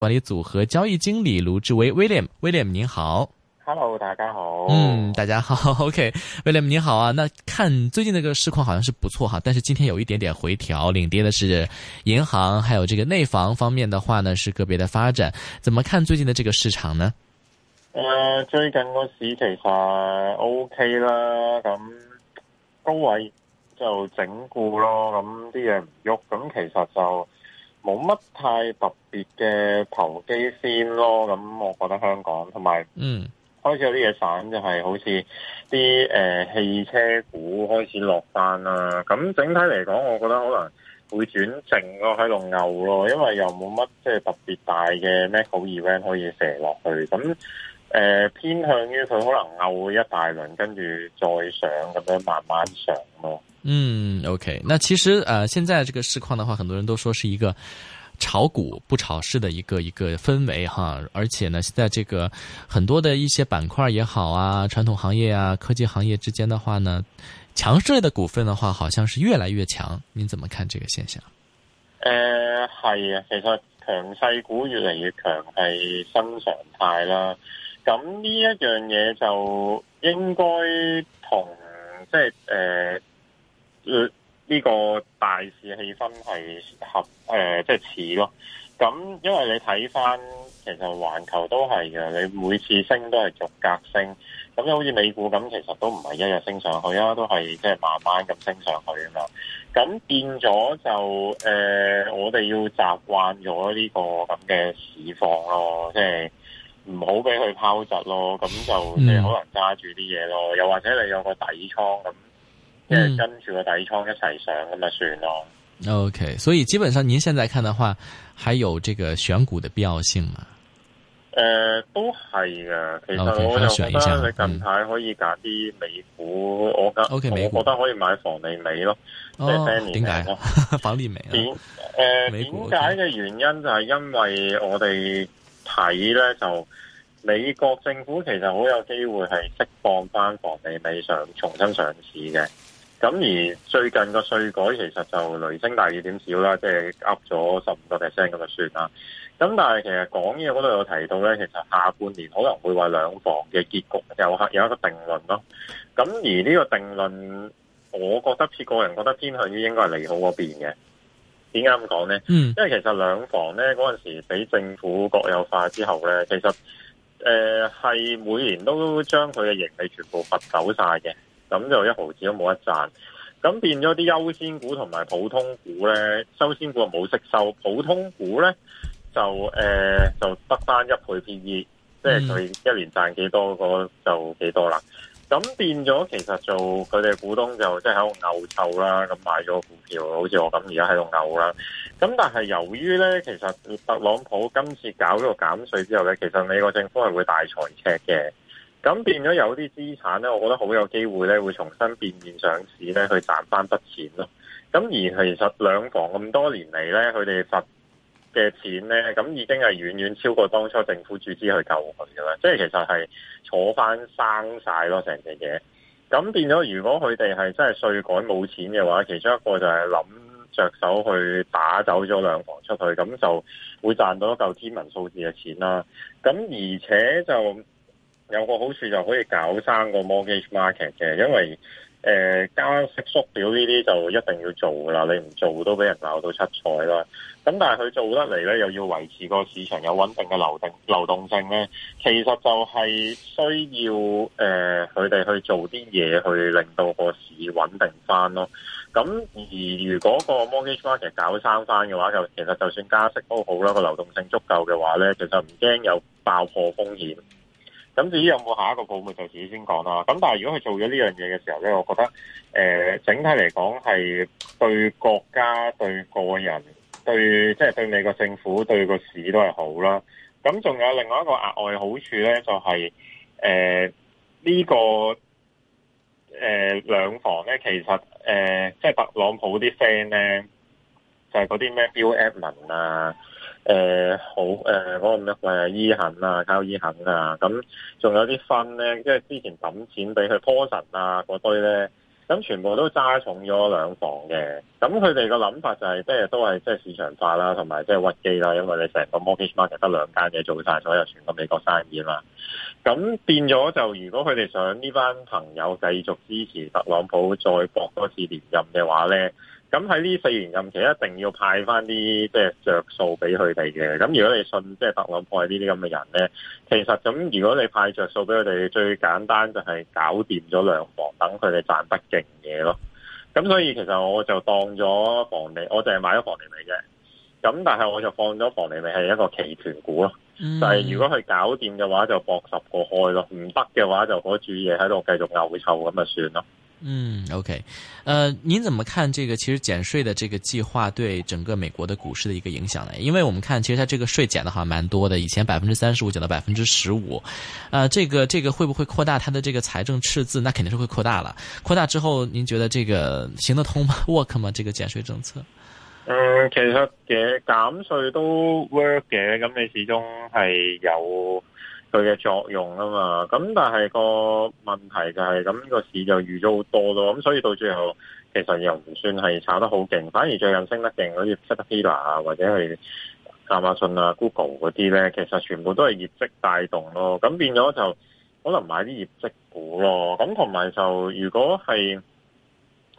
管理組合交易經理盧志威 William William 您好，Hello 大家好，嗯，大家好，OK，William，okay，你好啊，那看最近那個市況好像是不錯哈，但是今天有一點點回調，領跌的是銀行，還有這個內房方面的話呢是個別的發展，怎麼看最近的這個市場呢？呃，最近個市其實 OK 啦，咁高位就整固咯，咁啲嘢唔喐，咁其實就。冇乜太特別嘅投機先咯，咁我覺得香港同埋，嗯，開始有啲嘢散就係、是、好似啲誒汽車股開始落單啦、啊。咁整體嚟講，我覺得可能會轉靜咯，喺度拗咯，因為又冇乜即係特別大嘅 macro event 可以射落去。咁誒、呃、偏向於佢可能拗一大輪，跟住再上咁樣慢慢上咯。嗯，OK，那其實，呃，現在這個市況的話，很多人都說是一個炒股不炒市的一個一個氛圍哈，而且呢，現在這個很多的一些板塊也好啊，傳統行業啊，科技行業之間的話呢，強勢的股份的話，好像是越來越強，你怎麼看這個現象？呃係啊，其實強勢股越來越強係新常態啦，咁呢一樣嘢就應該同即係誒。呃呢、這個大市氣氛係合誒、呃，即係似咯。咁因為你睇返，其實環球都係嘅。你每次升都係逐格升，咁好似美股咁，其實都唔係一日升上去啊，都係即係慢慢咁升上去啊嘛。咁變咗就誒、呃，我哋要習慣咗呢、這個咁嘅市況咯，即係唔好俾佢拋窒咯。咁就即係、嗯、可能揸住啲嘢咯，又或者你有個底倉咁。即、嗯、係跟住個底倉一齊上咁咪算咯。O、okay, K，所以基本上您現在看的話，還有這個選股的必要性嗎？誒、呃，都係嘅。其實 okay, 我就覺得你近排可以揀啲、嗯、美股。我嘅 O K，美股我覺得可以買房利美咯。哦，點、就、解、是？房 利美、啊？點、呃？誒，點解嘅原因就係因為我哋睇咧，就美國政府其實好有機會係釋放翻房利美上重新上市嘅。咁而最近個稅改其實就雷聲大雨點少啦，即係呃咗十五個 percent 咁就算啦。咁但係其實講嘢嗰度有提到咧，其實下半年可能會話兩房嘅結局有有一個定論咯。咁而呢個定論，我覺得似個人覺得偏向於應該係利好嗰邊嘅。點解咁講咧？Mm. 因為其實兩房咧嗰陣時俾政府國有化之後咧，其實呃、係每年都將佢嘅盈利全部罰走晒嘅。咁就一毫子都冇得賺，咁變咗啲優先股同埋普通股咧，優先股冇息收，普通股咧就誒、呃、就得翻一倍 P/E，即係佢一年賺幾多個就幾多啦。咁變咗其實做佢哋股東就即係喺度牛臭啦，咁賣咗股票，好似我咁而家喺度牛啦。咁但係由於咧，其實特朗普今次搞咗個減稅之後咧，其實美國政府係會大財赤嘅。咁變咗有啲資產咧，我覺得好有機會咧，會重新變現上市咧，去賺翻筆錢咯。咁而其實兩房咁多年嚟咧，佢哋發嘅錢咧，咁已經係遠遠超過當初政府注資去救佢噶啦。即係其實係坐翻生曬咯，成隻嘢。咁變咗，如果佢哋係真係稅改冇錢嘅話，其中一個就係諗着手去打走咗兩房出去，咁就會賺到一嚿天文數字嘅錢啦。咁而且就。有個好處就可以搞三個 mortgage market 嘅，因為誒、呃、加息縮表呢啲就一定要做啦。你唔做都俾人鬧到七彩啦。咁但係佢做得嚟咧，又要維持個市場有穩定嘅流流動性咧，其實就係需要誒佢哋去做啲嘢去令到個市穩定翻咯。咁而如果個 mortgage market 搞生翻嘅話，就其實就算加息都好啦，個流動性足夠嘅話咧，其實唔驚有爆破風險。咁至於有冇下一個部門就自己先講啦。咁但係如果佢做咗呢樣嘢嘅時候咧，我覺得、呃、整體嚟講係對國家、對個人、對即係、就是、對美國政府、對個市都係好啦。咁仲有另外一個額外好處咧，就係誒呢個誒、呃、兩房咧，其實誒即係特朗普啲 friend 咧，就係嗰啲咩 Bill Ackman 啊。誒、呃、好誒嗰、呃那個咩啊？伊肯啊，靠伊肯啊，咁仲有啲分咧，即係之前抌錢俾佢 p e o 啊嗰、那個、堆咧，咁全部都揸重咗兩房嘅，咁佢哋個諗法就係即係都係即係市場化啦，同埋即係屈機啦，因為你成個 mortgage market 得兩間嘢做晒，所有全個美國生意啦，咁變咗就如果佢哋想呢班朋友繼續支持特朗普再博多次連任嘅話咧。咁喺呢四年任期，一定要派翻啲即係著數俾佢哋嘅。咁、就是、如果你信即係特朗普係呢啲咁嘅人咧，其實咁如果你派著數俾佢哋，最簡單就係搞掂咗兩房，等佢哋賺得勁嘢咯。咁所以其實我就當咗房地，我淨係買咗房地美嘅。咁但係我就放咗房地美係一個期權股咯。就係、是、如果佢搞掂嘅話，就博十個開咯；唔得嘅話，就可住嘢喺度繼續牛臭咁就算咯。嗯，OK，呃，您怎麼看這個其實減稅的這個計劃對整個美國的股市的一個影響呢？因為我們看，其實它這個稅減的好像蠻多的，以前百分之三十五減到百分之十五，呃，這個這個會不會擴大它的這個財政赤字？那肯定是會擴大了。擴大之後，您覺得這個行得通嗎？Work 嗎？這個減稅政策？嗯，其實減減稅都 work 嘅，咁你始終係有，佢嘅作用啊嘛，咁但係個問題就係咁呢個市就預咗好多咯，咁所以到最後其實又唔算係炒得好勁，反而最近升得勁，嗰啲 Tesla 啊或者係亞馬遜啊、Google 嗰啲咧，其實全部都係業績帶動咯，咁變咗就可能買啲業績股咯，咁同埋就如果係。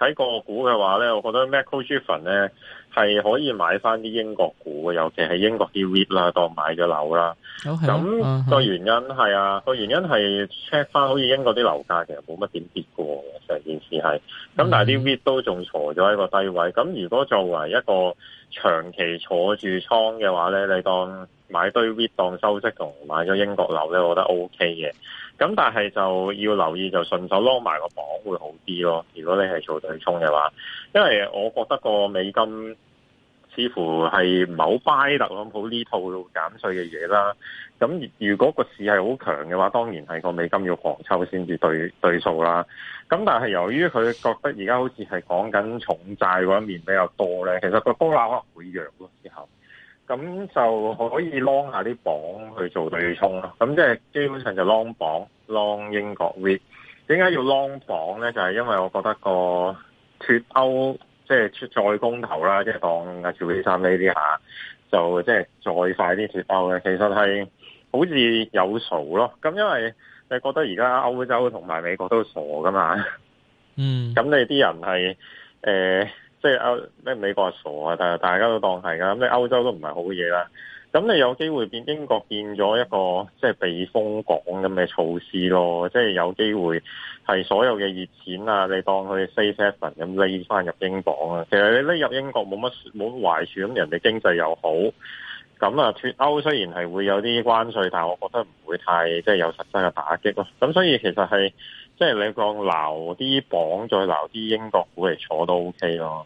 睇個股嘅話咧，我覺得 Macquarie 咧係可以買翻啲英國股嘅，尤其係英國啲 REIT 啦，當買咗樓啦。咁、okay. 個原因係啊，uh-huh. 個原因係 check 翻，好似英國啲樓價其實冇乜點跌過嘅喎，成件事係。咁但係啲 REIT 都仲坐咗喺個低位。咁、okay. 如果作為一個長期坐住倉嘅話咧，你當買堆 REIT 當收息，同買咗英國樓咧，我覺得 OK 嘅。咁但係就要留意，就順手攞埋個榜會好啲咯。如果你係做對沖嘅話，因為我覺得個美金似乎係唔係好 buy 特朗普呢套減稅嘅嘢啦。咁如果個市係好強嘅話，當然係個美金要狂抽先至對對數啦。咁但係由於佢覺得而家好似係講緊重債嗰一面比較多咧，其實個波瀾可能會弱囉。之後咁就可以 long 下啲磅去做對沖咯，咁即係基本上就 long 磅 long 英國 e e d 點解要 long 磅咧？就係、是、因為我覺得個脱歐即係再公投啦，即係當阿喬比山呢啲下，就即、是、係、就是、再快啲脱歐嘅。其實係好似有傻咯，咁因為你覺得而家歐洲同埋美國都傻㗎嘛。嗯。咁你啲人係誒？呃即係歐咩美國係傻啊！但係大家都當係㗎咁，歐洲都唔係好嘢啦。咁你有機會變英國變咗一個即係避風港咁嘅措施咯。即係有機會係所有嘅熱錢啊，你當佢 safe haven 咁匿翻入英鎊啊。其實你匿入英國冇乜冇乜壞處，咁人哋經濟又好。咁啊，脫歐雖然係會有啲關稅，但係我覺得唔會太即係有實質嘅打擊咯。咁所以其實係。即係你講留啲鎊，再留啲英國股嚟坐都 OK 咯。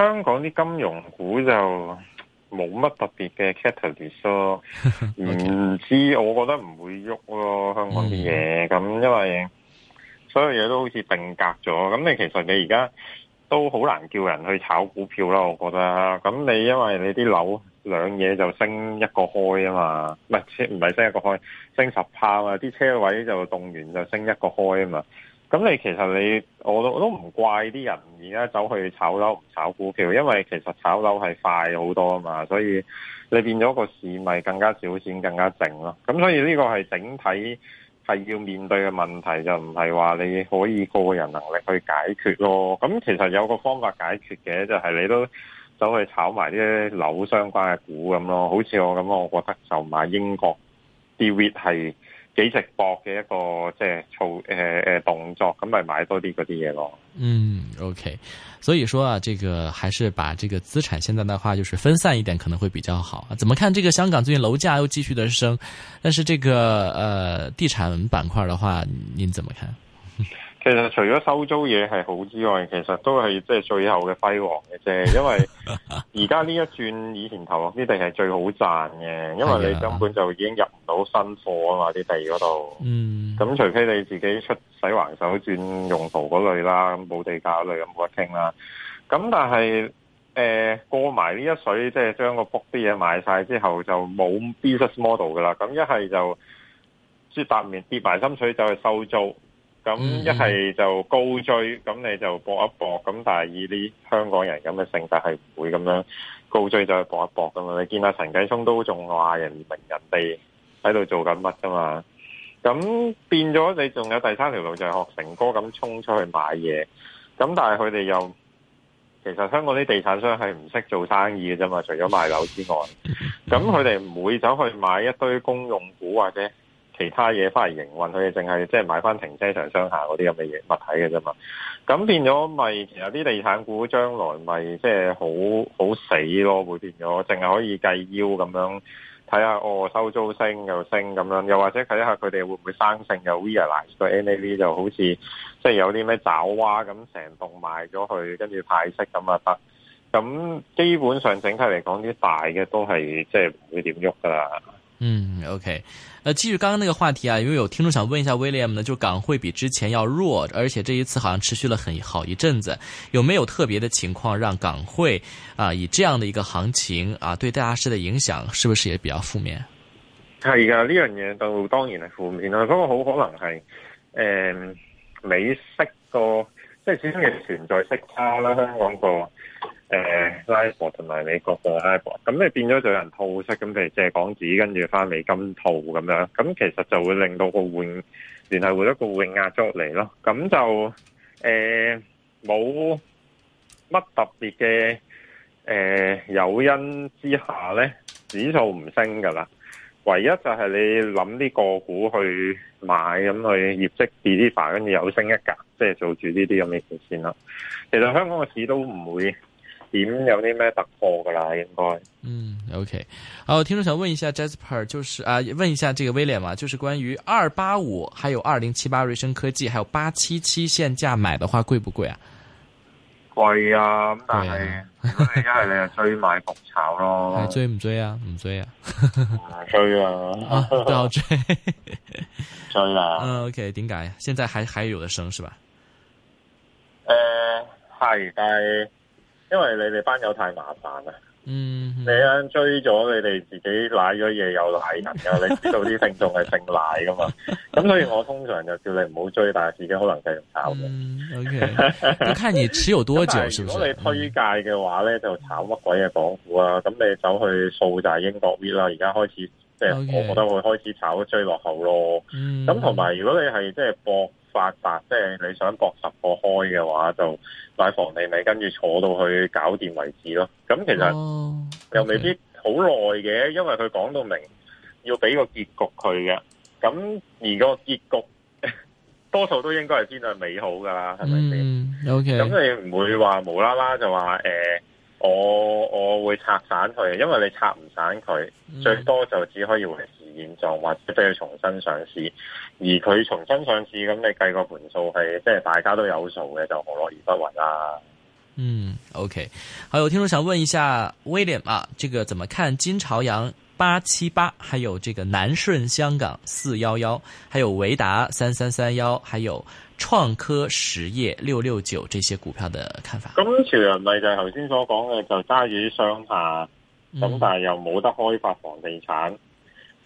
香港啲金融股就冇乜特別嘅 catalyst 咯，唔知我覺得唔會喐咯，香港啲嘢，咁因為所有嘢都好似定格咗，咁你其實你而家都好難叫人去炒股票啦，我覺得。咁你因為你啲樓兩嘢就升一個開啊嘛，唔係車，唔係升一個開，升十趴啲車位就動完就升一個開啊嘛。咁你其實你，我都我都唔怪啲人而家走去炒樓唔炒股票，因為其實炒樓係快好多啊嘛，所以你變咗個市咪更加少錢，更加靜咯。咁所以呢個係整體係要面對嘅問題，就唔係話你可以個人能力去解決咯。咁其實有個方法解決嘅就係、是、你都走去炒埋啲樓相關嘅股咁咯，好似我咁，我覺得就買英國 Divid 係。幾直播嘅一個即係操誒誒動作，咁咪買多啲嗰啲嘢咯。嗯，OK，所以說啊，這個還是把這個資產現在的話，就是分散一點可能會比較好。怎麼看？這個香港最近樓價又繼續的升，但是這個呃地產板塊的話，您怎麼看？嗯其實除咗收租嘢係好之外，其實都係即係最後嘅輝煌嘅啫。因為而家呢一轉以前頭，呢啲地係最好賺嘅，因為你根本就已經入唔到新貨啊嘛，啲地嗰度。嗯，咁除非你自己出洗橫手轉用途嗰類啦，冇地價嗰類咁冇得傾啦。咁但係誒、呃、過埋呢一水，即係將個 book 啲嘢賣晒之後，就冇 business model 噶啦。咁一係就即係踏面跌埋心水，就去收租。咁一係就高追，咁你就搏一搏。咁但係以呢香港人咁嘅性格，係唔會咁樣高追就去搏一搏嘛。你見阿陳繼聰都仲話人名人哋喺度做緊乜噶嘛？咁變咗你仲有第三條路就係學成哥咁衝出去買嘢。咁但係佢哋又其實香港啲地產商係唔識做生意嘅啫嘛，除咗賣樓之外，咁佢哋唔會走去買一堆公用股或者。其他嘢返嚟營運，佢哋淨係即係買翻停車場商廈嗰啲咁嘅嘢物體嘅啫嘛，咁變咗咪、就是、其實啲地產股將來咪即係好好死咯，會變咗淨係可以計腰咁樣睇下哦收租升又升咁樣，又或者睇下佢哋會唔會生性又、mm-hmm. realize 個 NAV 就好似即係有啲咩爪哇咁成棟賣咗去，跟住派息咁啊得，咁基本上整體嚟講，啲大嘅都係即係唔會點喐噶啦。嗯，OK，呃繼續剛剛那個話題啊，因為有聽眾想問一下 William 呢，就港匯比之前要弱，而且這一次好像持續了很好一陣子，有沒有特別的情況讓港匯啊以這樣的一個行情啊對大市的影響是不是也比較負面？係噶，呢樣嘢就當然係負面啦，不過好可能係誒美息個即係始終係存在息差啦，香港個。誒、呃、拉布同埋美國個拉布，咁你變咗就有人套息，咁譬如借港紙跟住翻美金套咁樣，咁其實就會令到個換聯繫換一個匯壓捉嚟咯。咁就誒冇乜特別嘅誒、呃、誘因之下咧，指數唔升噶啦。唯一就係你諗啲個股去買咁去業績 d 啲跟住有升一格，即、就、係、是、做住呢啲咁嘅事先啦。其實香港嘅市都唔會。點有啲咩突破噶啦？應該嗯，OK。好，我聽眾想問一下 Jasper，就是啊，問一下這個威廉嘛，就是關於二八五，還有二零七八瑞聲科技，還有八七七現價買的話貴不貴啊？貴啊，咁但係一係你追買博炒咯， 追唔追啊？唔追啊，唔、 啊對啊、 追啊，都好追，追啦嗯，OK。點解？現在還還有得升是吧？誒、呃，係但係。因為你哋班友太麻煩啦、嗯嗯，你啱追咗，你哋自己瀨咗嘢又瀨人噶、嗯，你知道啲聽眾係姓瀨噶嘛，咁 所以我通常就叫你唔好追，但係自己可能繼續炒。O K，你看你持有多久，如果你推介嘅話咧、嗯，就炒乜鬼嘢港股啊？咁、嗯、你走去掃就係英國 V 啦，而家開始即係、okay, 我覺得我會開始炒追落後咯。咁同埋如果你係即係博發達，即、就、係、是、你想博十個開嘅話就。買房你咪跟住坐到去搞掂為止咯，咁其實又未必好耐嘅，因為佢講到明要俾個結局佢嘅，咁而個結局多數都應該係偏向美好噶啦，係咪先？O K，咁你唔會話無啦啦就話誒。呃我我會拆散佢，因為你拆唔散佢，最多就只可以維持現狀，或者俾佢重新上市。而佢重新上市，咁你計個盤數係，即係大家都有數嘅，就何樂而不為啦、啊？嗯，OK。好，有聽眾想問一下 William 啊，這個怎麼看金朝陽八七八，還有這個南順香港四幺幺，還有維達三三三幺，還有。創科實業六六九這些股票的看法？咁潮人咪就頭先所講嘅，就揸住啲商廈，咁但係又冇得開發房地產，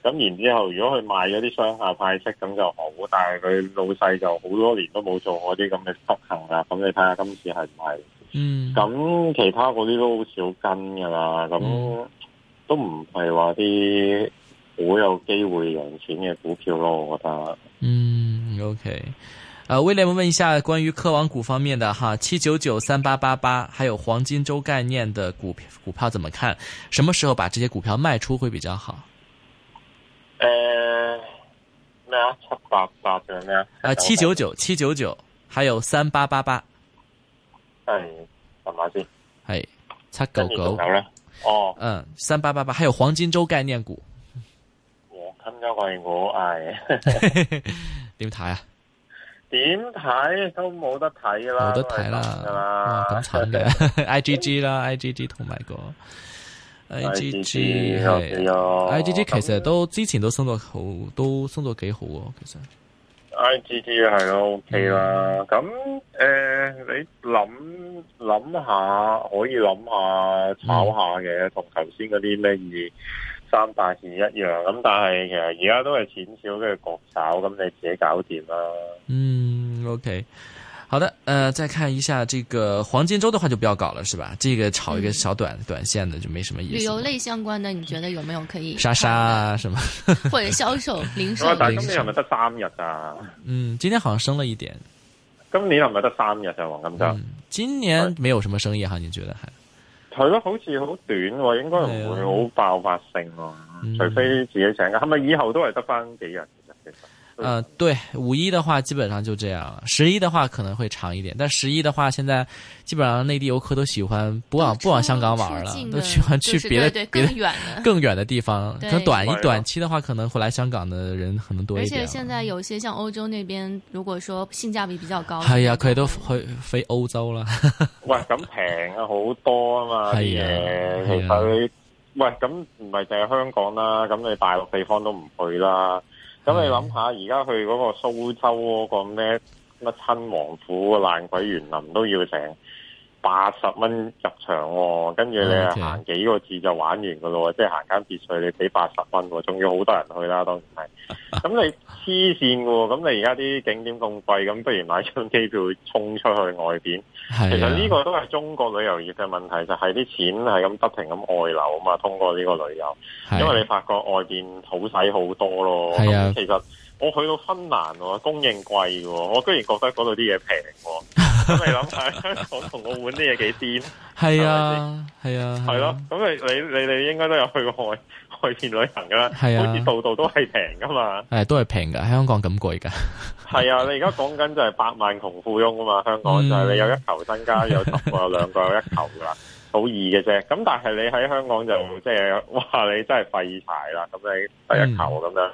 咁、嗯、然之後，如果佢賣咗啲商廈派息咁就好，但係佢老細就好多年都冇做嗰啲咁嘅執行啦，咁你睇下今次係唔係？嗯，咁其他嗰啲都好少跟噶啦，咁都唔係話啲好有機會贏錢嘅股票咯，我覺得。嗯，OK。呃，威廉問一下關於科網股方面的哈，七九九三八八八，還有黃金周概念的股票，股票怎麼看？什麼時候把這些股票賣出會比較好？呃，咩七八八的咩啊？799, 799, 799, 3888, 哎等等哎、七狗狗九九七九九，還有三八八八。係係咪先？係七九九哦，嗯，三八八八，還有黃金周概念股。黃金周概念股，哎，點睇啊？ 點睇都冇得睇㗎、啊、 啦，冇得睇啦噶啦，咁慘嘅！IGG 啦，IGG 同埋個 IGG，係啊，IGG 其實都之前都升咗好，都升咗幾好啊，其實 IGG 係 OK 啦。咁、嗯、誒、呃，你諗諗下，可以諗下炒下嘅，同頭先嗰啲咩二。三百二一樣咁，但係其實而家都係淺少嘅國炒，咁你自己搞掂啦、啊。嗯，OK，好的，呃，再看一下這個黃金周的話就不要搞了，是吧？這個炒一個小短、嗯、短綫的就沒什麼意思。旅遊類相關的你覺得有沒有可以？沙沙什麼？或者銷售、零售？咁你係咪得三日啊？嗯，今天好像升了一點。今年係咪得三日啊？黃金周今年沒有什麼生意哈、啊？你覺得還？係咯，好似好短，應該唔會好爆發性喎，除非自己請假，係咪以後都係得翻幾日？呃、嗯，對，五一的話基本上就這樣了，十一的話可能會長一點，但十一的話現在基本上內地遊客都喜歡不往不往香港玩了，都，都喜歡去別的別的，就是，更遠的更遠的地方。對，可能短一短期的話、啊、可能會來香港的人可能多一點。而且現在有些像歐洲那邊，如果說性價比比較高的話，係、哎、啊，佢都去飛、飛歐洲啦、 哎哎哎。喂，咁平啊，好多啊嘛。係啊，其實喂，咁唔係淨係香港啦，咁你大陸地方都唔去啦。咁你諗下，而家去嗰個蘇州嗰個咩乜親王府，爛鬼園林都要整八十蚊入場、哦，跟住你行幾個字就玩完噶咯，okay. 即係行間別墅你俾八十蚊，仲要好多人去啦，當然係。咁 你黐線噶，咁你而家啲景點咁貴，咁不如買張機票衝出去外邊、啊。其實呢個都係中國旅遊業嘅問題，就係、是、啲錢係咁不停咁外流啊嘛，通過呢個旅遊、啊，因為你發覺外邊好使好多咯。啊、其實我去到芬蘭、哦，供應貴，我居然覺得嗰度啲嘢平。咁 你諗下，香港同澳門啲嘢幾癲？係啊，係啊，係咯、啊。咁、啊、你你你應該應該都有去過外外邊旅行噶啦，係啊，好似度度都係平噶嘛。誒、啊，都係平噶，香港咁貴噶。係 啊，你而家講緊就係百萬窮富翁啊嘛。香港、嗯、就係、是、你有一球身家， 有十個兩個、有一球噶，好易嘅啫。咁但係你喺香港就即係、嗯，哇！你真係廢柴啦。咁你第一球咁樣。咁、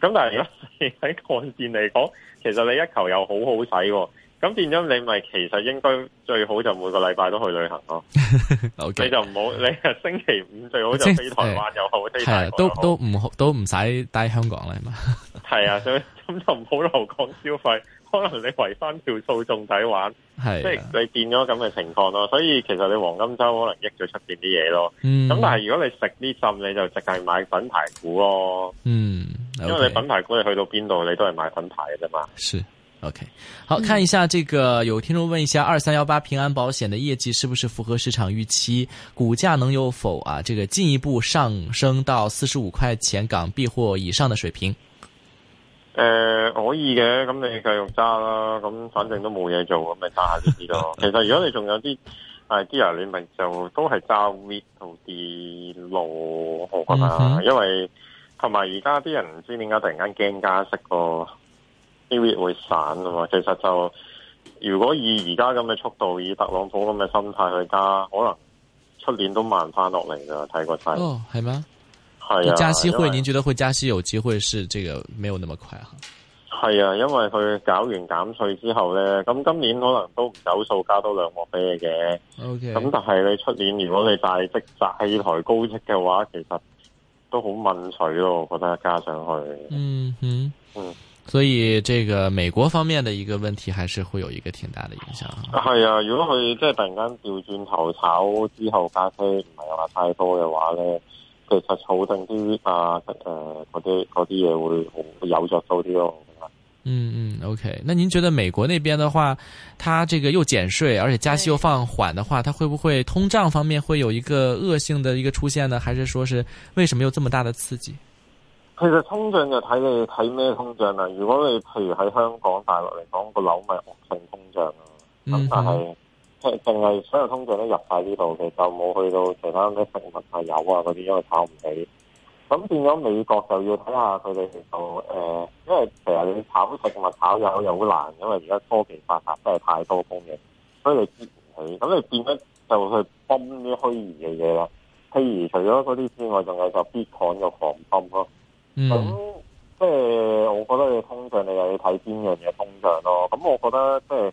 嗯、但係喺港線嚟講，其實你一球又好好使喎。咁變咗你咪其實應該最好就每個禮拜都去旅行咯， okay, 你就唔好 你係星期五最好就飛台灣又好，欸、飛好都都唔都唔使帶香港嚟嘛。係啊，咁 咁就唔好留港消費，可能你維翻條數仲抵玩。即係、就是、你變咗咁嘅情況咯。所以其實你黃金周可能益咗出邊啲嘢咯。咁、嗯、但係如果你食啲浸，你就直係買品牌股咯。嗯，okay. 因為你品牌股你去到邊度你都係買品牌嘅啫嘛。OK，好，看一下這個有聽眾問一下，二三幺八平安保險的業績是不是符合市場預期？股價能有否啊？這個進一步上升到四十五塊錢港幣或以上的水平？誒、呃，可以嘅，咁你繼續揸啦，咁反正都冇嘢做，咁咪揸下呢啲咯。 其實如果你仲有啲呃，啲人，你咪就是都係揸 V 同 D 路好啊嘛，因為同埋而家啲人唔知點解突然間驚加息咯、啊。會散噶嘛，其實就如果以而家咁嘅速度，以特朗普咁嘅心態去加，可能出年都慢翻落嚟噶，睇個勢。哦，係咩？係啊。加息會，您覺得會加息有機會是這個沒有那麼快哈、啊？係啊，因為佢搞完減稅之後咧，咁今年可能都唔走數加多兩個俾你嘅。O K。咁但係你出年如果你大積債台高息嘅話，其實都好敏取咯，我覺得加上去。嗯嗯嗯。嗯。所以這個美國方面的一個問題還是會有一個挺大的影響啊。係啊，如果佢即係突然間調轉頭炒之後加息唔係話太多嘅話咧，其實儲定啲啊誒嗰啲嗰啲嘢，會會有著數啲咯。嗯嗯，OK。那您覺得美國那邊的話，它這個又減稅，而且加息又放緩的話，它會不會通脹方面會有一個惡性的一個出現呢？還是說是為什麼有這麼大的刺激？其實通脹就睇你睇咩通脹啦。如果你譬如喺香港、大陸嚟講，個樓咪惡性通脹啊。咁、嗯、但係，其實淨係所有通脹都入晒呢度，其實就冇去到其他啲食物、炒油啊嗰啲，因為炒唔起。咁變咗美國就要睇下佢哋，就、呃、誒，因為其實你炒食物、炒油又好難，因為而家科技發達真係太多供應，所以你支唔起。咁你變咗就去泵啲虛擬嘅嘢啦。譬如除咗嗰啲之外，仲有就 Bitcoin 個狂泵咯。咁即係我覺得你通脹你又要睇邊樣嘢通脹咯。咁我覺得即係、嗯、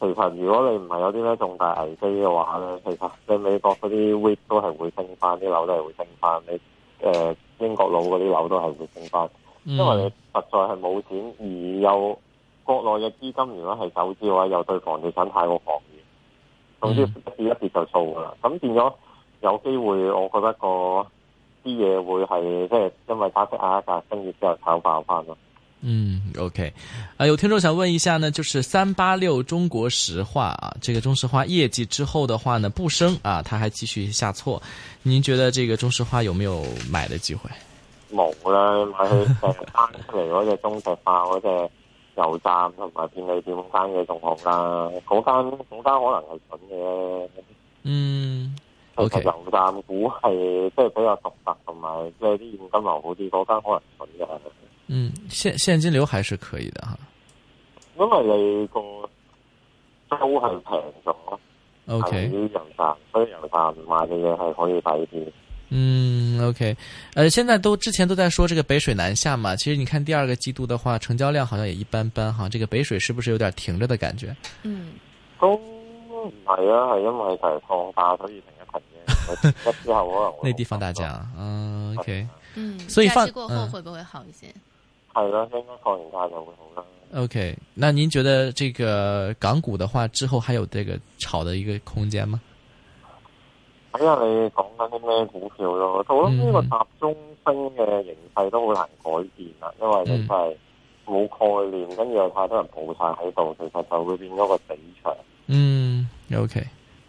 其實如果你唔係有啲咩重大危機嘅話咧，其實你美國嗰啲 rate 都係會升翻，啲樓都係會升翻。你誒、呃、英國佬嗰啲樓都係會升翻，因為你實在係冇錢，而有國內嘅資金如果係走資嘅話，又對房地產太過防禦。總之一跌一跌就掃噶啦，咁變咗有機會，我覺得個。啲嘢會係即係，因為加息、嗯 okay、啊，但係升完之後炒爆翻咯。嗯，OK，啊有聽眾想問一下呢，就是三八六中國石化啊，這個中石化業績之後的話呢，不升啊，它還繼續下挫，您覺得這個中石化有沒有買的機會？冇啦，喺佢出嚟嗰隻中石化嗰隻、那個、油站同埋 便利店間單嘅同好啦，嗰單嗰單可能係準嘅。嗯。其、okay. 實油站股係即係比較獨特，同埋即係啲現金流好啲，嗰間可能信嘅。嗯，現現金流還是可以嘅，哈。因為你個都係平咗，係、okay. 油站，所以油站賣嘅嘢係可以睇住。嗯，OK，誒、呃，現在都之前都在說這個北水南下嘛，其實你看第二個季度的話，成交量好像也一般般哈，這個北水是不是有點停着的感覺？嗯，都唔係啊，係因為係放化，所以停。 之後可能會， 那地放大假、啊，嗯，OK，嗯，所以放試過後會唔會好一些？係、嗯、啦，應該放完假就會好啦。OK，那您覺得這個港股的話之後還有這個炒的一個空間嗎？睇、哎、下你講緊啲咩股票咯，我諗呢個集中升嘅形勢都好難改變啦、嗯，因為都係冇概念，跟住有太多人抱晒喺度，其實就會變咗個比場。嗯，OK。